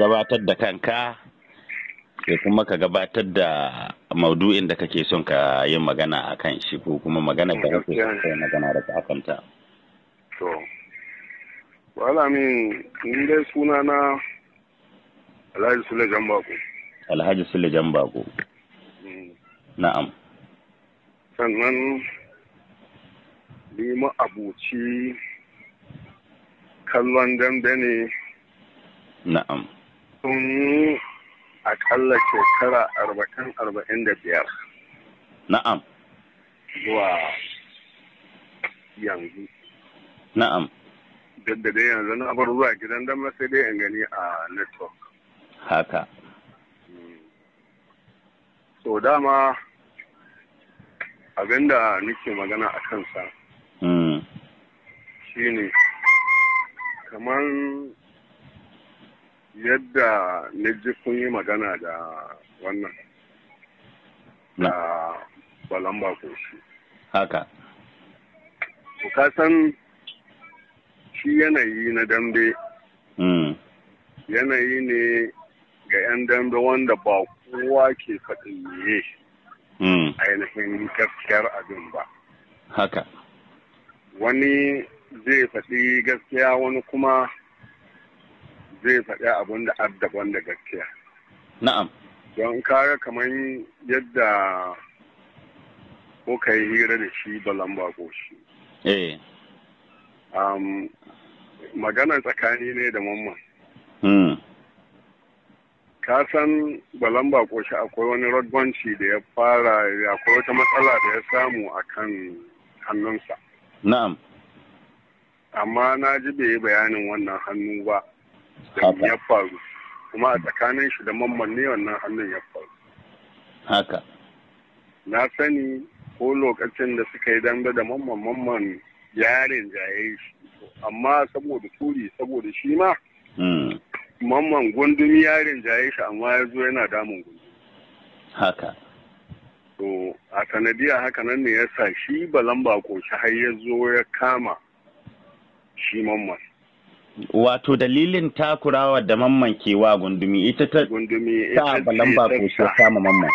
gabatar da kanka sai kuma ka gabatar da maudu'in da kake son ka yi magana a kan shi ko kuma magana da kake son ka yi magana da ka akanta To, wala min inda suna na Alhaji Sule Jambako. Alhaji Sule Jambako. Na'am. Sannan ni abuci kallon dambe ne. Na'am. sun akalla shekara arba'in arba'in da biyar. Na'am. Zuwa yanzu. Na'am. Duk dai yanzu na bar zuwa gidan dan sai dai in gani a network. Haka. So hmm. dama abinda nake magana a kansa. Hmm. Shi ne, kamar yadda na ji kun yi magana da wannan da balan bakoshi haka ka shi yanayi na dambe mm. yanayi ne ga 'yan dambe wanda ba kowa ke faɗin a mm. ainihin gaskiyar abin ba haka wani zai faɗi gaskiya wani kuma zai faɗi abin da addaban da gaskiya na'am don kare kamar yadda ko yi hira da shi balan bako shi eh magana tsakani ne da mamman hmm. ka san balan bako shi akwai wani rodbanci da ya fara akwai wata matsala da ya samu a kan hannunsa na'am amma na ji bai yi bayanin wannan hannu ba ya faru kuma a tsakanin shi da mamman ne wannan hannun ya faru haka na sani ko lokacin da suka yi dambe da mamman mamman yaren jaye shi amma saboda turi saboda shi ma hmm. mamman gundumi yaren jaye shi amma ya zo yana damun gundumi haka to a sanadiyar haka nan ne ya sa shi balan bako shi har ya zo ya kama shi mamman wato dalilin takurawa da mamman wa gundumi ita ta gundumi ta balan ba ko shi kama mamman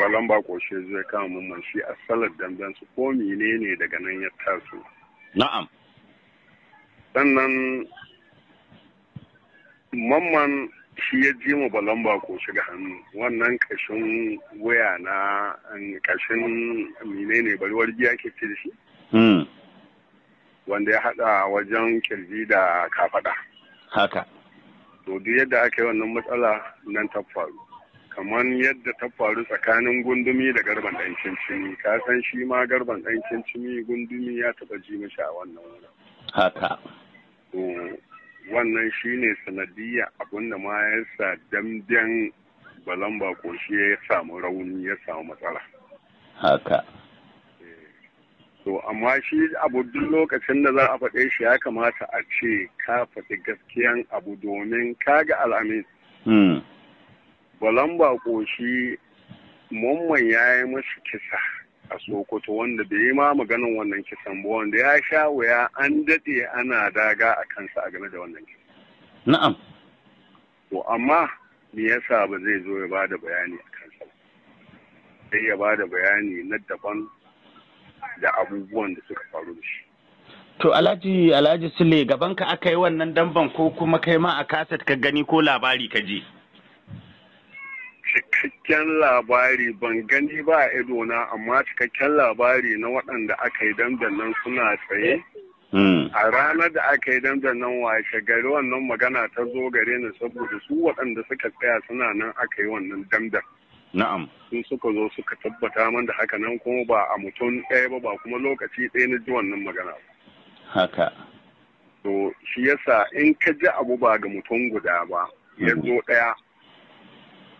balan ba ko shi zai kama mamman shi a salar damben su ko menene daga nan ya taso na'am sannan mamman shi ya ji mu balan ba ko ga hannu wannan kashin waya na kashin menene bari wargi ke ce da shi hmm. wanda ya haɗa wajen kirji da kafaɗa. Haka. To duk yadda aka yi wannan matsala nan ta faru. Kamar yadda ta faru tsakanin gundumi da garban ɗan cincini, ka san shi ma garban ɗan cincini gundumi ya taɓa ji mishi a wannan wurin. Haka. To wannan shi ne sanadiyya abinda ma ya sa damben balamba ko shi ya samu rauni ya samu matsala. Haka. amma shi abu duk lokacin da za a faɗe shi ya kamata a ce ka faɗi gaskiyan abu domin kaga al'amin hmm. balan bako shi mamman ya yi masu kisa a sokoto wanda bai yi ma maganin wannan kisan ba wanda ya sha wuya an daɗe ana daga a kansa a game da wannan kisan na'am to amma me yasa ba zai zo ya ba da bayani a kansa ba sai ya ba da bayani na daban da abubuwan da suka faru da shi to alhaji alhaji sule gaban ka aka yi wannan damban ko kuma kai ma a kaset ka gani ko labari ka ji cikakken labari ban gani ba a ido na amma cikakken labari na waɗanda aka yi damdan nan suna tsaye hmm. a ranar da aka yi damdan nan washe gari wannan magana ta zo gare ni saboda su waɗanda suka tsaya suna nan aka yi wannan damdan Na'am. Sun suka zo suka tabbata man da haka nan kuma ba a mutum ɗaya ba ba kuma lokaci ɗaya na ji wannan magana. Haka. To shi yasa in ka ji abu ba ga mutum guda ba ya zo mm-hmm. ɗaya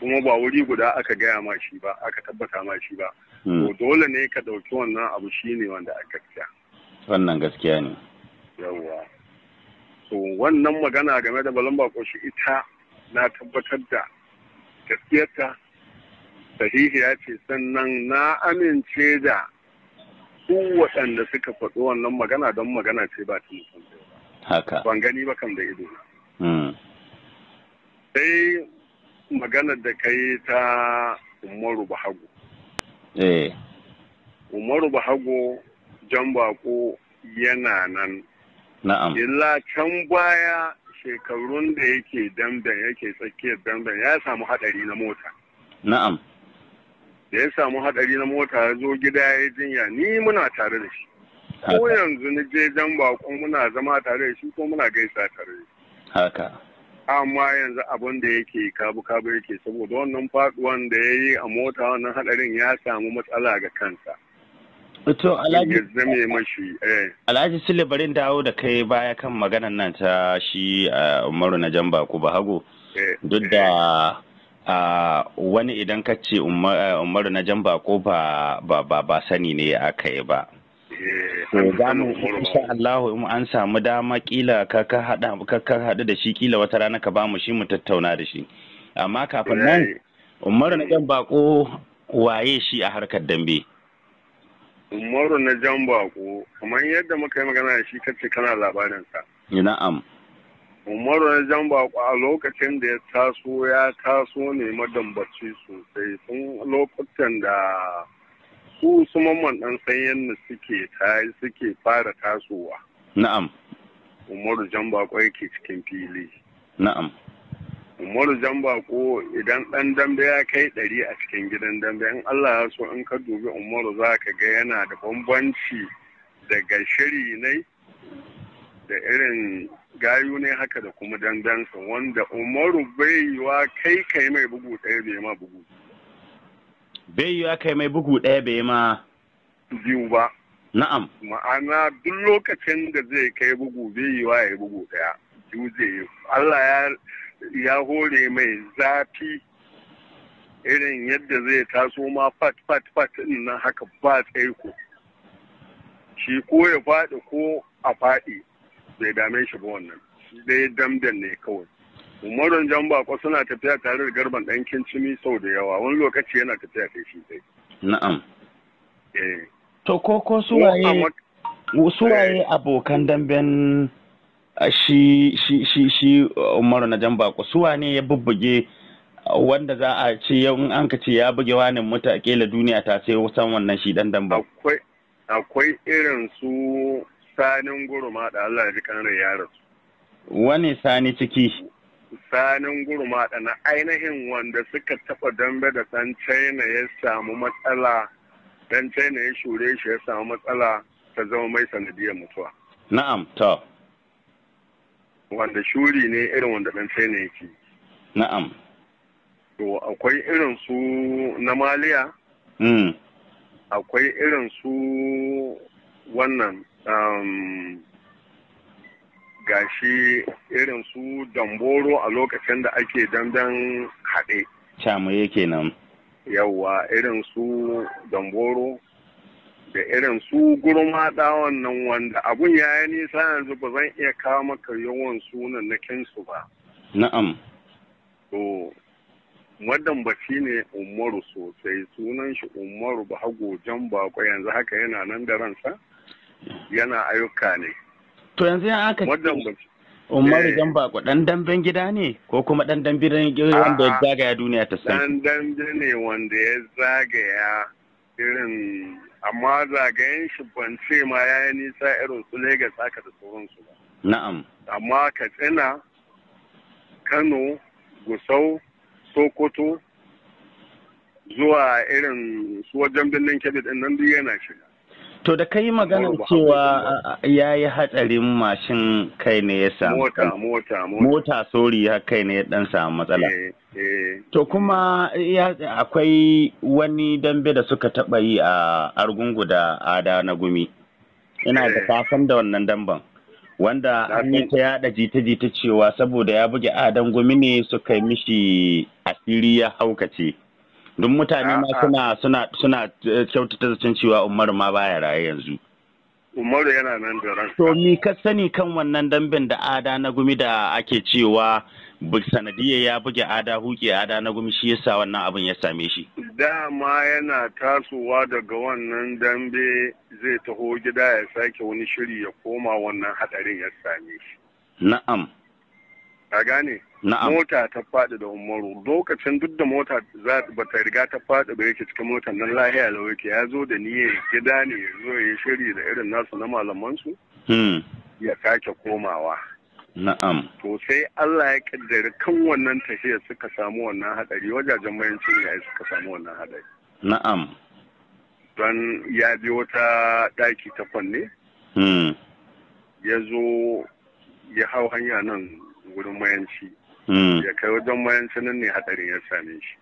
kuma ba wuri guda aka gaya ma shi ba aka tabbata ma shi ba. To mm. dole ne ka ɗauki wannan abu shi ne wanda a gaskiya. Wannan gaskiya ne. Yawwa. To wannan magana game da balan bako shi ita na tabbatar da gaskiyarta sahihi ya ce sannan na amince da su waɗanda suka faɗi wannan magana don magana ce ba ta mutum haka ban gani ba kan da ido hmm. sai magana da kai ta umaru bahago eh umaru bahago jan bako yana nan na'am illa can baya shekarun da yake damdan yake tsakiyar damben ya samu haɗari na mota na'am da ya samu hadari na mota ya zo gida ya jinya ni muna tare da shi ko yanzu ni je jan bako muna zama tare da shi ko muna gaisa tare da shi haka amma yanzu abin da yake kabu kabu yake saboda wannan faduwan da ya yi a mota wannan hadarin ya samu matsala ga kansa To eh. Alhaji Sule barin dawo da kai baya kan maganan nan ta shi eh, Umaru na jan baku ba hago eh, duk da wani idan ka ce eh, umaru na jan bako ba ba sani ne aka yi ba eh, to za mu insha Allah in an samu dama kila ka ka hada ka ka da shi kila wata rana ka ba mu shi mu tattauna da shi amma kafin nan eh. Umaru na jan bako waye shi a harkar dambe Umaru na jan bako kamar yadda muka yi magana da shi kace kana labarin sa na'am umaru na jan a lokacin da ya taso ya taso ne madambaci sosai sun lokacin da su su mamman ɗan sanyin da suke tayi suke fara tasowa na'am umaru jan yake cikin fili na'am umaru jan idan ɗan dambe ya kai ɗari a cikin gidan dambe in allah ya so in ka dubi umaru za ka ga yana da bambanci daga shiri ne da irin gayu ne haka da kuma dandansa wanda umaru bai wa kai kai mai bugu ɗaya bai ma bugu baiwa kai mai bugu ɗaya bai ma biyu ba na'am ma'ana duk lokacin da zai kai bugu bai wa ya bugu ɗaya biyu zai yi Allah ya ya hore mai zafi irin yadda zai taso ma fat fat fat na haka ba tsaiko shi ko ya faɗi ko a faɗi bai dame shi ba wannan dai damdan ne kawai umarun jan bako suna tafiya tare da garban ɗan kincimi sau da yawa wani lokaci yana tafiya kai shi dai na'am eh to ko ko suwaye suwaye eh. abokan damben shi shi shi shi uh, umaru na jan bako suwa ne ya bubbuge uh, wanda za a ce yau in an ka ce ya buge wani mutakila duniya ta sai san wannan shi dan damben akwai akwai irin su sanin guruma da Allah ya ji kan ya rasu wani sani ciki sanin guruma da na ainihin wanda suka taɓa dambe da san china ya samu matsala dan china ya shure shi ya samu matsala ta zama mai sanadiyar mutuwa na'am to wanda shuri ne irin wanda dan china yake na'am to akwai irin su na maliya hmm. akwai irin su wannan Um, gashi irin su damboro a lokacin da ake dandan haɗe. Camaye kenan. Yawwa irin su damboro da irin su gurma ɗawan nan wanda abun ya yi nisa yanzu ba zan iya kawo maka yawan sunan na kinsu ba. Na'am. To, madambaci ne Umaru sosai sunan shi Umaru ba hago jan bako yanzu haka yana nan da ransa? yana ayyuka ne to yanzu ya aka umar idan ba ku dan damben gida ne ko kuma dan damben wanda ya zagaya duniya ta san dan damben ne wanda ya zagaya irin amma zagayen shi ban ce ma ya yi nisa irin su Legas haka da sauransu ba na'am amma Katsina Kano Gusau Sokoto zuwa irin su wajen birnin Kebbi din nan duk yana shiga To da ka yi maganar cewa ya yi hatsarin mashin kai ne ya samu mota mota sori ya kai ne ya dan samu matsala. Eh, eh. To kuma akwai wani dambe da suka taɓa yi a argungu da ada na gumi. Ina da kasan da wannan damban. Wanda an yi ta yaɗa jita-jita cewa saboda ya buge adan gumi ne suka yi mishi asiri ya haukace. Duk mutane ma suna suna eh, kyautata zaton cewa Umaru ma baya raye yanzu. Umaru yana nan da ran To ni ka sani kan wannan damben da ada na gumi da ake cewa sanadiyya ya buge ada huke ada na gumi shi yasa wannan abin ya same shi. Dama yana tasowa daga wannan dambe zai taho gida ya sake wani shiri ya koma wannan hadarin ya same shi. Na'am. Ka gane? mota ta faɗi da umaru lokacin duk da mota ba ta riga ta faɗi ba yake cikin motar nan lahiya lau yake ya zo da niyya gida ne ya zo ya shiri da irin nasu na malamansu hmm. ya sake komawa na'am to sai Allah ya kaddari kan wannan tafiya suka samu wannan hadari wajajen mayancin ya suka samu wannan hadari na'am don ya bi wata ɗaki ta kwanne hmm. ya zo ya hau hanya nan wurin mayanci Hmm. ya kai wajen mayan sanin ne hadarin ya same shi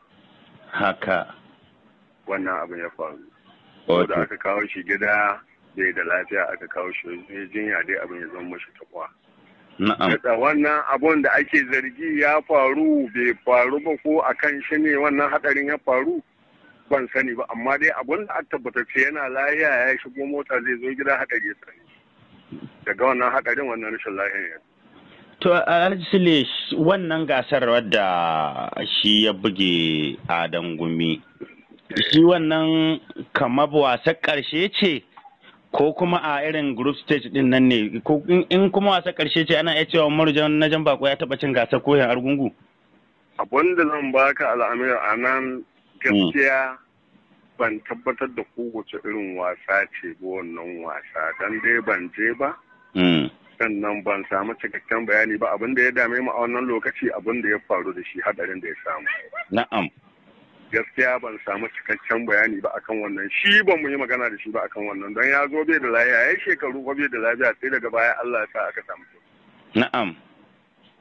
haka wannan abin ya faru da aka kawo shi gida dai da lafiya aka kawo shi ne jinya dai abin ya zama mashi tabuwa na'am wannan abun da ake zargi ya faru bai faru ba ko akan shi ne wannan hadarin ya faru ban sani ba amma dai abun da aka tabbatace yana lahiya ya shigo mota zai zo gida hadari ya sani daga wannan hadarin wannan rashin lahiya To Alhaji wannan gasar wadda shi ya buge a dangumi. Shi wannan kamar wasan ƙarshe ce ko kuma a irin group stage din nan ne in kuma wasan ƙarshe ce ana iya cewa marujan na jan bako ya taɓa cin gasar koyan argungu. Abin da zan baka al'amir a nan gaskiya ban tabbatar da kowace irin wasa ce ba wannan wasa don dai ban je ba. sannan ban samu cikakken bayani ba abin da ya dame mu a wannan lokaci abin da ya faru da shi hadarin da ya samu na'am gaskiya ban samu cikakken bayani ba akan wannan shi ban mu yi magana da shi ba akan wannan don ya zo bai da lafiya ya shekaru ko bai da lafiya sai daga baya Allah ya sa aka samu na'am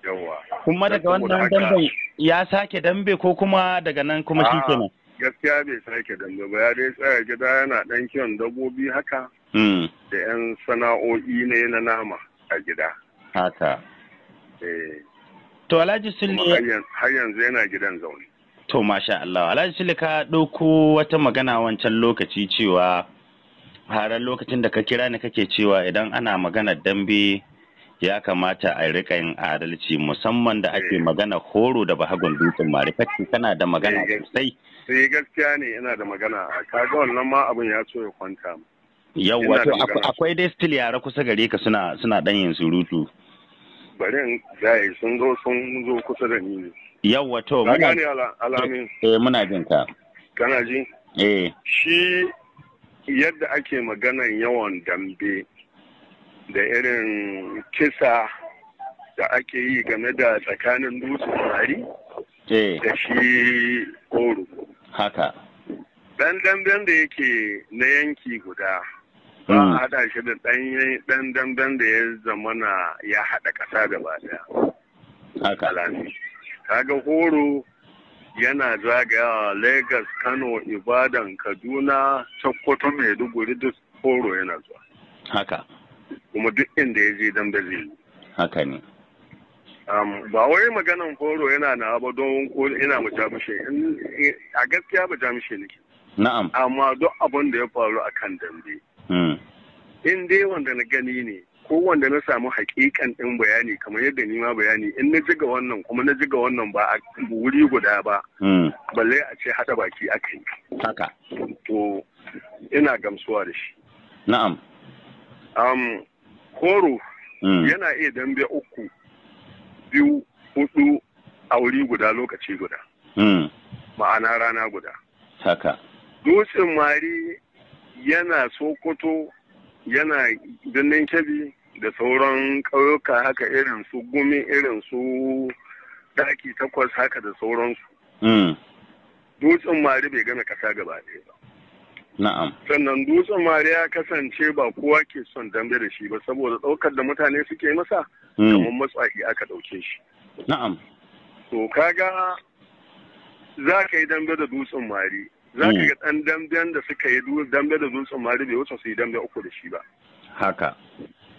yawa kuma daga wannan dambe ya sake dambe ko kuma daga nan kuma shi kenan gaskiya bai sake dambe ba ya dai tsaya gida yana dan kiwon dabbobi haka hmm. da yan sana'o'i ne na nama a gida haka eh. to alhaji Sule. har yanzu yana gidan zaune to masha Allah alhaji Sule ka ɗauko wata magana wancan lokaci cewa haran lokacin da ka kira ni kake cewa idan ana magana dambe ya kamata a rika yin adalci musamman da ake eh. magana horo da bahagon dutsen marifatti kana da magana eh, sosai sai gaskiya ne ina da magana kaga wannan ma abin ya so ya kwanta mu Yau wato akwai dai still yara kusa gare ka suna suna dan yin surutu. Barin dai sun zo sun zo kusa da ni ne. Yau wato muna ne alamin. Eh, eh muna jin ka. Kana ji? Eh. Shi yadda ake maganan yawan dambe da irin kisa da ake yi game da tsakanin dutse turari eh. da shi oro Haka. Dan damben da yake na yanki guda ba a mm. haɗa shi da ɗan dandan da ya zamana ya haɗa ƙasa gaba ɗaya. Haka. Kaga horo yana zagayawa Legas, Kano, Ibadan, Kaduna, Sokoto, Maiduguri duk horo yana zuwa. Haka. Kuma duk inda ya je dambe zai Haka ne. Um, ba wai maganan horo yana na ba don ina mu jamushe a gaskiya ba jamushe nake. Na'am. Amma duk abin da ya faru a kan dambe. Hmm. in dai wanda na gani ne ko wanda na samu hakikan din bayani kamar yadda ni ma bayani in na jiga wannan kuma na jiga wannan ba a wuri guda ba hmm. balle a ce hada baki aka yi haka to ina gamsuwa da shi na'am um, koro hmm. yana iya dambe uku biyu hudu a wuri guda lokaci guda ma'ana rana guda haka dutsen mari yana sokoto yana birnin kebbi da sauran ƙauyuka haka irin su gumi irin su daki takwas haka da sauransu hmm. dutsen mari bai gana kasa gaba ɗaya ba Na'am. Sannan dutsen mari ya kasance ba kowa ke son dambe da shi ba saboda ɗaukar da mutane suke masa hmm. kamar matsaki aka ɗauke shi. Na'am. To kaga za ka yi dambe da dutsen mari za ka mm. ga ɗan damben da suka yi dambe da dutsen mari bai wuce su yi dambe uku da shi ba haka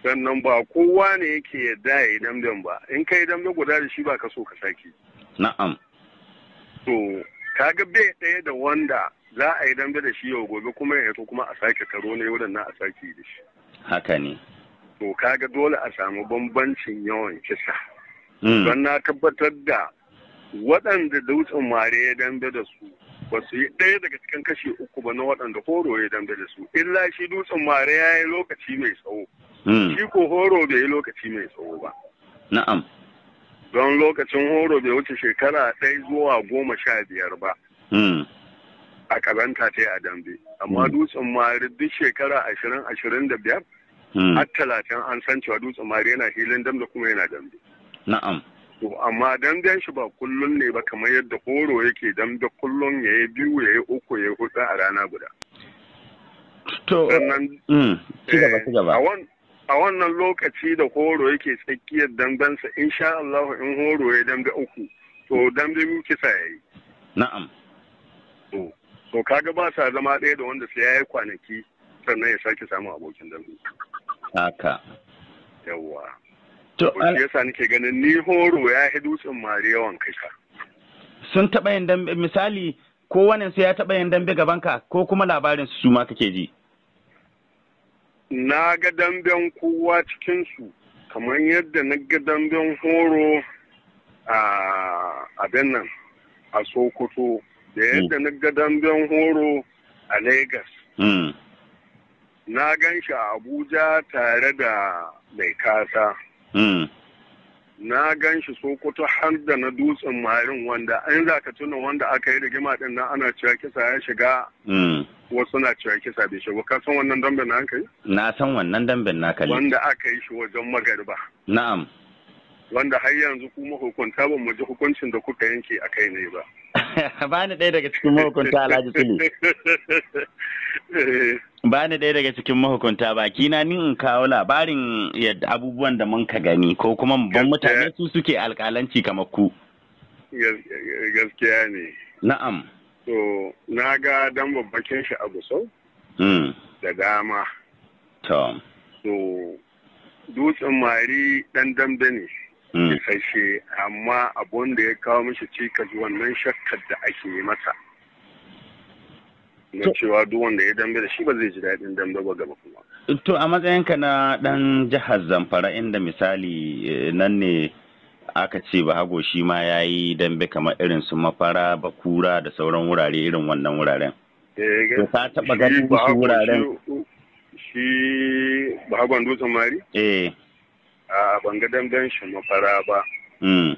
sannan ba kowa ne yake yadda ya yi damben ba in ka yi dambe guda da shi ba ka so ka sake na'am to ka ga bai ɗaya da wanda za a yi dambe da shi yau gobe kuma ya kuma a sake karo ne waɗannan a sake da shi haka ne to ka ga dole a samu bambancin yawan kisa mm. don na tabbatar da waɗanda dutsen mare ya dambe da su ba su yi ɗaya daga cikin kashe uku ba na waɗanda horo ya dambe da su illa shi dutsen mare ya yi lokaci mai tsawo hmm. shi ko horo bai yi lokaci mai tsawo ba na'am don lokacin horo bai wuce shekara ɗaya zuwa goma sha biyar ba hmm. a ƙazanta ta a dambe amma hmm. dutsen mare duk shekara ashirin ashirin da biyar har talatin an san cewa dutsen mare yana hilin dambe kuma yana dambe na'am to amma damben shi ba kullum ne ba kamar yadda horo yake dambe kullum ya yi biyu ya yi uku ya yi hudu a rana guda to mm, eh, a wannan lokaci da horo yake tsakiyar dambensa insha Allah in horo ya dambe uku to dambe biyu kisa ya yi na'am to to kaga ba sa zama ɗaya da wanda sai ya yi kwanaki sannan ya sake samun abokin dambe haka yawwa To shi yasa nake ganin ni horo ya yi dutsen mare yawan Sun taɓa yin dambe misali ko wannan ya taɓa yin dambe gaban ka ko kuma labarin su ma kake ji. Na ga damben kowa cikin su kamar yadda na ga damben horo a abin nan a Sokoto da hmm. yadda na ga damben horo a Legas. Hmm. Na gan shi a Abuja tare da mai kasa. Mm. na gan shi sokoto har da na dutsen marin wanda an zaka ka tuna wanda aka yi rigima din nan ana cewa kisa ya shiga mm. wasu na cewa kisa bai shiga ka san wannan dambin na aka yi na san wannan dambin na kalli wanda aka yi shi wajen magariba na'am wanda har yanzu kuma hukunta ban mu ji hukuncin da kuka yanke a kai ne ba ba ni ɗaya daga cikin mahukunta alhaji sule ba ni ɗaya daga cikin mahukunta ba kina ni in kawo labarin yadda abubuwan da mun ka gani ko kuma ban mutane su suke alƙalanci kamar ku gaskiya ne na'am to na ga dan babbakin shi a gusau hmm. da dama to dutsen mari dan dambe ne Mm. isasshe amma abun da ya kawo mishi cikas wannan shakkar da ake yi masa na cewa duk wanda ya dambe da shi ba zai ji daɗin dambe ba gaba kuma to a matsayinka na ɗan jihar zamfara inda misali eh, nan ne aka ce ba hago shi ma ya yi dambe kamar irin su mafara bakura da sauran wurare irin wannan wuraren eh, ka taɓa ganin wuraren shi ba hagon dutsen mari eh a ban ga shi mafara ba hmm.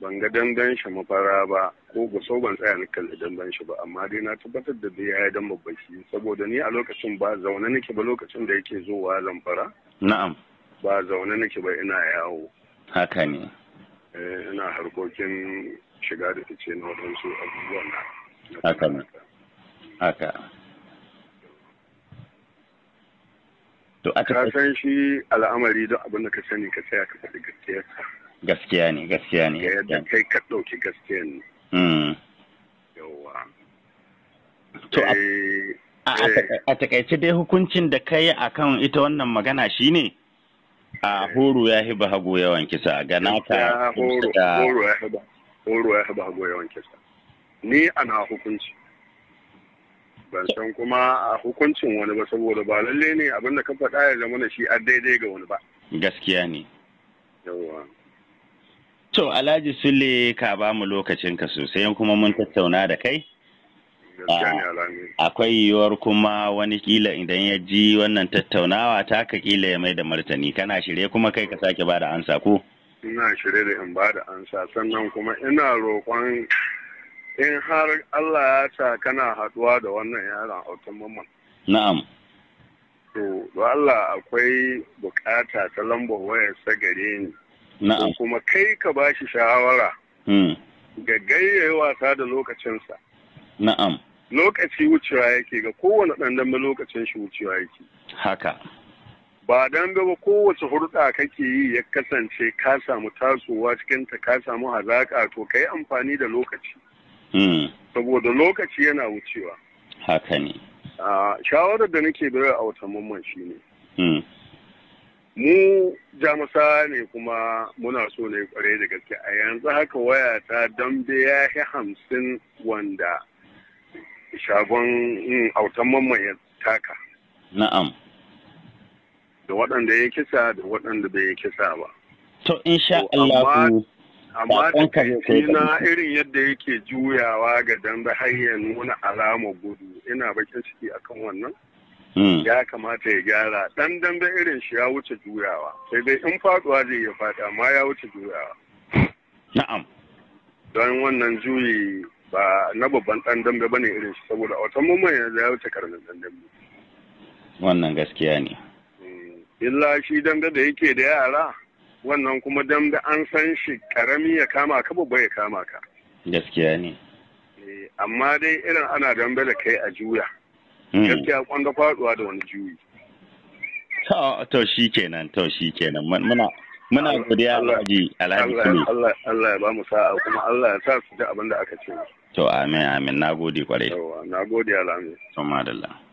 ban ga shi mafara ba ko guso ban tsaya na kalli damben shi ba amma dai na tabbatar da dai yayi dan shi saboda ni a lokacin ba zaune nake ba lokacin da yake zuwa zamfara na'am ba zaune nake ba ina yawo haka ne eh, ina harkokin shiga da fice na wadansu abubuwan na haka ne haka To a ka san shi al'amari don abin da ka sani ka tsaya ka faɗi gaskiya. Gaskiya ne, gaskiya ne. Yadda kai ka ɗauki gaskiya ne. Hmm. Yawwa. To eh, eh. a takaice dai hukuncin da ka yi a kan ita wannan magana shi ne? A eh. horo ya ba hago yawan kisa ga naka. Horo ya ba hago yawan kisa. Ni ana hukunci. ban san kuma a hukuncin wani ba saboda ba lalle ne abin da ka faɗa ya zama da shi a daidai ga wani ba gaskiya ne yawa to alhaji sule ka ba mu lokacinka sosai kuma mun tattauna da kai ah, akwai yiwuwar kuma wani kila idan ya ji wannan tattaunawa ta ka kila ya mai da martani kana shirye kuma kai ka sake bada ansa ko ina shirye da in da ansa sannan kuma ina roƙon in har Allah ya sa kana haduwa da wannan yaron autan mamman. Na'am. To, Allah akwai bukata ta lambar wayar sagare ni. Na'am. Kuma kai ka ba shi shawara. Hmm. Ga gayyaye wasa da lokacinsa. Na'am. Lokaci wucewa yake ga kowane ɗan dambe lokacin shi wucewa yake. Haka. Ba dan ba kowace hurɗa kake yi ya kasance ka samu tasowa cikinta ka samu hazaƙa to ka yi amfani da lokaci. Hmm. saboda lokaci yana wucewa haka ne shawarar da nake bayar a wata mamman shi ne hmm. mu jamusa ne kuma muna so ne kware da gaske a yanzu haka waya ta dambe ya yi hamsin wanda shagon hmm, autan mamman ya taka na'am da waɗanda ya kisa da waɗanda bai kisa ba to in sha Allah amma da na irin yadda yake juyawa ga dambe har ya nuna alama gudu ina bakin ciki akan wannan hmm. ya kamata ya gyara dan dambe irin shi ya wuce juyawa sai dai in faduwa zai ya fada amma ya wuce juyawa na'am don wannan juyi ba na babban dan dambe bane irin shi saboda wata mamman yanzu ya wuce karamin dan dambe wannan gaskiya ne hmm. illa shi dambe da yake da yara wannan kuma dambe an san shi karami ya kama ka babba ya kama ka gaskiya ne eh, amma dai irin ana dambe da kai a juya hmm. gaskiya kwanda faduwa da wani juyi to shi kenan to shi kenan muna muna godiya alhaji alhaji kullu Allah ya ba mu sa'a kuma Allah ya sa su da abin da aka ce to amin amin nagode kwarai to nagode alhaji to madalla